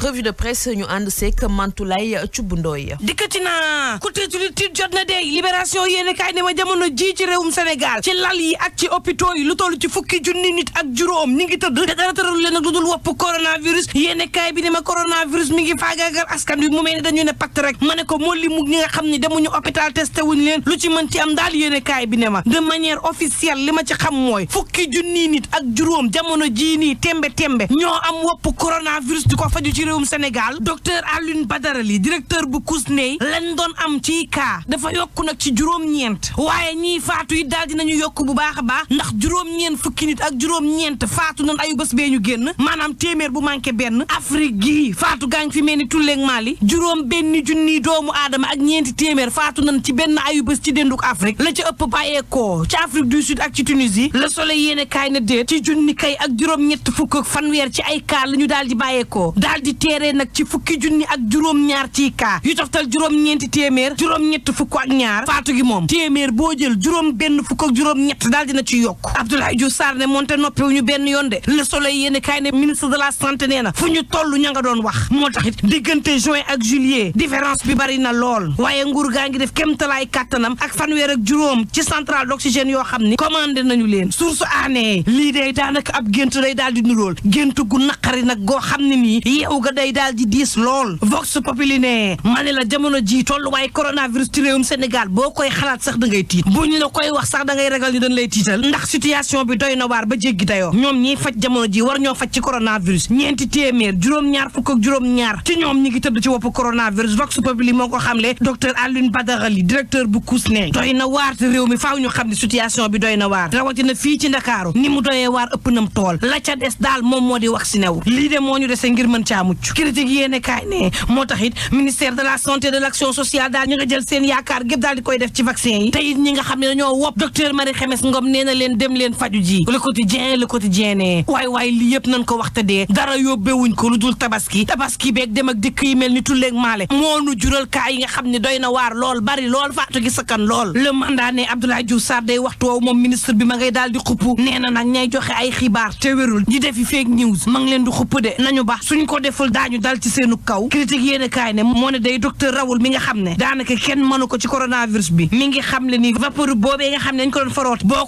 revue de presse ñu ànd seek Mantoulaye Thioub Ndoye dikkati naa kutéetuli tiit jot na de libération yéene kaay ne ma jamono ji ci réewum Sénégal ci lal yi ak ci hôpitaux yi lu toll ci fukki junni nit ak juróom ñi ngi tëdd te dara tëral leen ak lu dul wopp coronavirus yéene kaay bi ne ma coronavirus mi ngi faagaagal askan bi mu mel ni dañu ne pacte rek ma ne ko moo li mu ñi nga xam ne demuñu hôpital testé wuñ leen lu ci mën ci am daal yéene kaay bi ne ma de manière officielle li ma ci xam mooy fukki junni nit ak juróom jamono ji nii tembe tembe ñoo am wopp coronavirus di ci réewum Sénégal docteur Alioune Badara Ly directeur bu Kuzney lañ doon am ci kaa dafa yokk nag ci juróom-ñeent waaye ñii faatu yi daal nañu yokk bu baax a baax ndax juróom-ñeent fukki nit ak juróom-ñeent faatu nan ayu bés bee ñu génn maanaam téeméer bu manqué benn Afrique gii faatu gaa fi mel ni tulleeg Mali juróom benn junni doomu aadama ak ñeenti téeméer faatu nan ci benn ayu bés ci dénduk Afrique la ci ëpp bàyyeekoo ci Afrique du ak ci Tunisie Le Soleil yéene kaay na déet ci junni kay ak juróom fukk fanweer ci ay kaa la ñu daal di bàyyeekoo ci teeree nag ci fukki junni ak juróom-ñaar ci kaa yu toftal juróom-ñeenti téeméer juróom-ñett fukk ak ñaar faatu gi moom téeméer boo jël juróom benn fukk ak juróom-ñett daal dina ci yokk Abdoulaye Diouf Sarr ne moonte noppewu ñu benn yoon de Le Soleil yéen kaay de la santé na fu ñu toll ña nga doon wax moo tax it diggante juin ak juillet différence bi bari na lool waaye nguur gaa ngi def kémtalaay kattanam ak fan weer ak juróom ci centrale d'oxygène yoo xam ni commandé nañu leen su aanee lii day daanaka ab gént lay daal di nurool gént gu naqari nag goo xam ne nii ga day daal di diis lool vox populi ne ma ne la jamono ji tolluwaay coronavirus ci réewum Sénégal boo koy xalaat sax da ngay tiit boo ñu la koy wax sax da ngay ragal ñu dañ lay tiital ndax situation bi doy na waar ba jéggi dayoo ñoom ñi faj jamono ji war ñoo faj ci coronavirus ñeenti téeméer juróom-ñaar fukk juróom-ñaar ci ñoom ñi ngi tëdd ci woppu coronavirus vox populi moo ko xamle docteur Alioune Badara Ly directeur bu kuus ne doy na waar te mi faaw ñu xam ne situation bi doy na waar rawatina fii ci Ndakaaru ni mu doyee waar ëpp nam tool la ca moom moo di wax si new lii moo ñu dese ngir mën caamu mucc critique yéene kaay ne moo tax it ministère de la santé de l' action sociale daal ñu nga jël seen yaakaar gépp daal di koy def ci vaccin yi te ñi nga xam ne dañoo wopp docteur Marie Xemes Ngom nee leen dem leen faju ji le quotidien le quotidien ne waay waay li yëpp nañ ko waxta dee dara yóbbewuñ ko lu dul tabaski tabaski beek dem ak dikk yi mel ni tulleeg maale moo nu jural kaa yi nga xam ne doy na waar lool bari lool faatu gi sakkan lool le mandat ne Abdoulaye Diouf Sarr day waxtu woowu moom ministre bi ma ngay daal di xupp nee na nag ñay joxe ay xibaar te wérul ñi defi fake news ma ngi leen di xupp deful daañu dal ci seenu kaw critique yéen a kaay ne moo ne day docteur Raoul mi nga xam ne daanaka kenn mënu ko ci coronavirus bi mi ngi xam le ni vapeur boobee nga xam ne dañ ko doon faroot ko a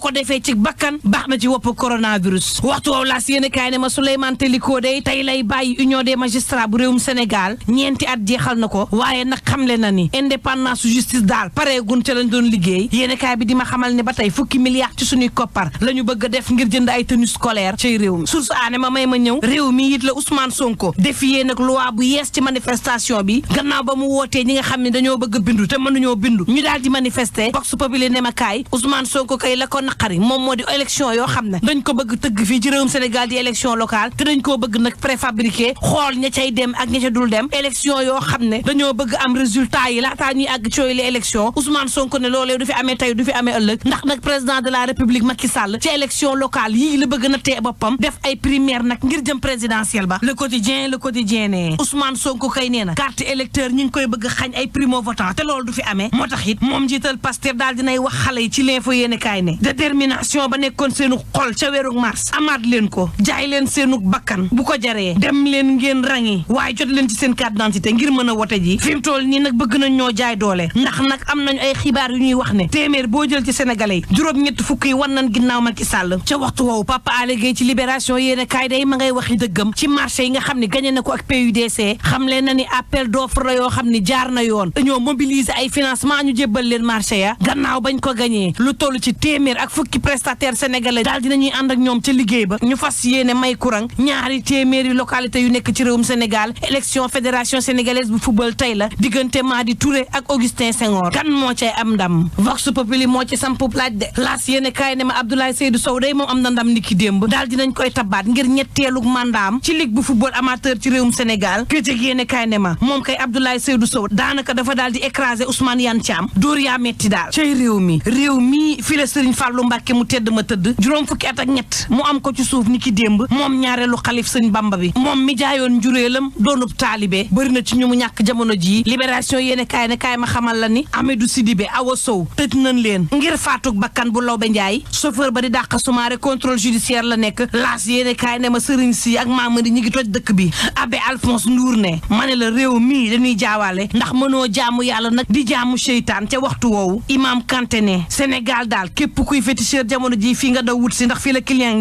kaay ba tey fukki milliards ci suñuy koppar la ñu a def ngir jënd ay tenues scolaires ci réew mi aane ma may ma ñëw réew mi it la Ousmane Sonko défier nag loi bu yees ci manifestation bi gannaaw ba mu wootee ñi nga xam ne dañoo bëgg bindu te mënuñoo bindu ñu daal di manifester vox populi ne ma kaay Ousmane Sonko kay la ko naqari moom moo di élection yoo xam ne dañ ko bëgg tëgg fii ci réewum Sénégal di élection locale te dañ koo bëgg nag préfabriqué xool ña cay dem ak ña ca dul dem élection yoo xam ne dañoo bëgg am résultat yi laataa ñuy àgg cooy la élection Ousmane Sonko ne loole du fi amee tey du fi amee ëllëg ndax nag président de la république Macky Sall ci élection locale yii la bëgg na tee boppam def ay primaire nag ngir jëm présidentielle ba quotidien ne Ousmane Sonko kay nee na carte électeur ñi ngi koy bëgg xañ ay primo votant te loolu du fi amee moo tax it moom njiital Pastef daal dinay wax xale yi ci l'info yéene kaay ne détermination ba nekkoon seenu xol ca weeru leen ko jaay leen seenu bakkan bu ko jaree dem leen ngeen rangi waaye jot leen ci seen carte d'identité ngir mën a wote ji fi mu toll nii nag bëgg nañ ñoo jaay doole ndax nag am nañu ay xibaar yu ñuy wax ne téeméer boo jël ci sénégalais yi juróom-ñett fukk yi wan nañ ginnaaw Macky Sall ca waxtu woowu Papa Alé Gueye ci libération yéene kaay na ko ak PUDC xam yoo xam ni jaar na yoon dañoo mobiliser ay financement ñu jébbal leen marché ya gannaaw bañ ko gañee lu toll ci téeméer ak fukki prestataire sénégalais daal dinañuy ànd ak ñoom ca liggéey ba ñu fas yéene may courant ñaari téeméeri localité yu nekk ci réewum Sénégal élection fédération sénégalaise bu football tey la diggante Madi Touré ak Augustin Senghor kan moo cay am ndam Vox Populi moo ci samp laaj de laas yéene kaay ne ma Abdoulaye Seydou Sow day moom am na ndam niki démb daal dinañ koy tabaat ngir ñetteelu mandaam ci ligue bu football amateur ci réewum Sénégal critique yéene kaay ne ma moom kay Abdoulaye Seydou Sow daanaka dafa daal di écraser Ousmane Yan Thiam dóor yaa metti daal cey réew mi réew mi fi la Serigne Fallou Mbacke mu tedd ma tëdd juróom fukki at ak ñett mu am ko ci suuf ni ki démb moom ñaareelu xalif sëñ Bamba bi moom mi jaayoon njuréelam doonub taalibe bëri na ci ñu mu ñàkk jamono jii libération yéene kaay kaay ma xamal la ni Amidou Sidibé Awa Sow tëj nañ leen ngir faatug bakkan bu Lawbe Njaay chauffeur ba di dàq sumaare contrôle judiciaire la nekk laas yéene kaay ne ma sëriñ si ak maamadi ñi ngi toj dëkk bi abbé Alphonse nduur ne ma ne la réew mii dañuy jaawaale ndax mënoo jaamu yàlla nag di jaamu seytaan ca waxtu woowu imaam Kanté ne Sénégal daal képp kuy féticheur jamono ji fii nga daw wut si ndax fii la client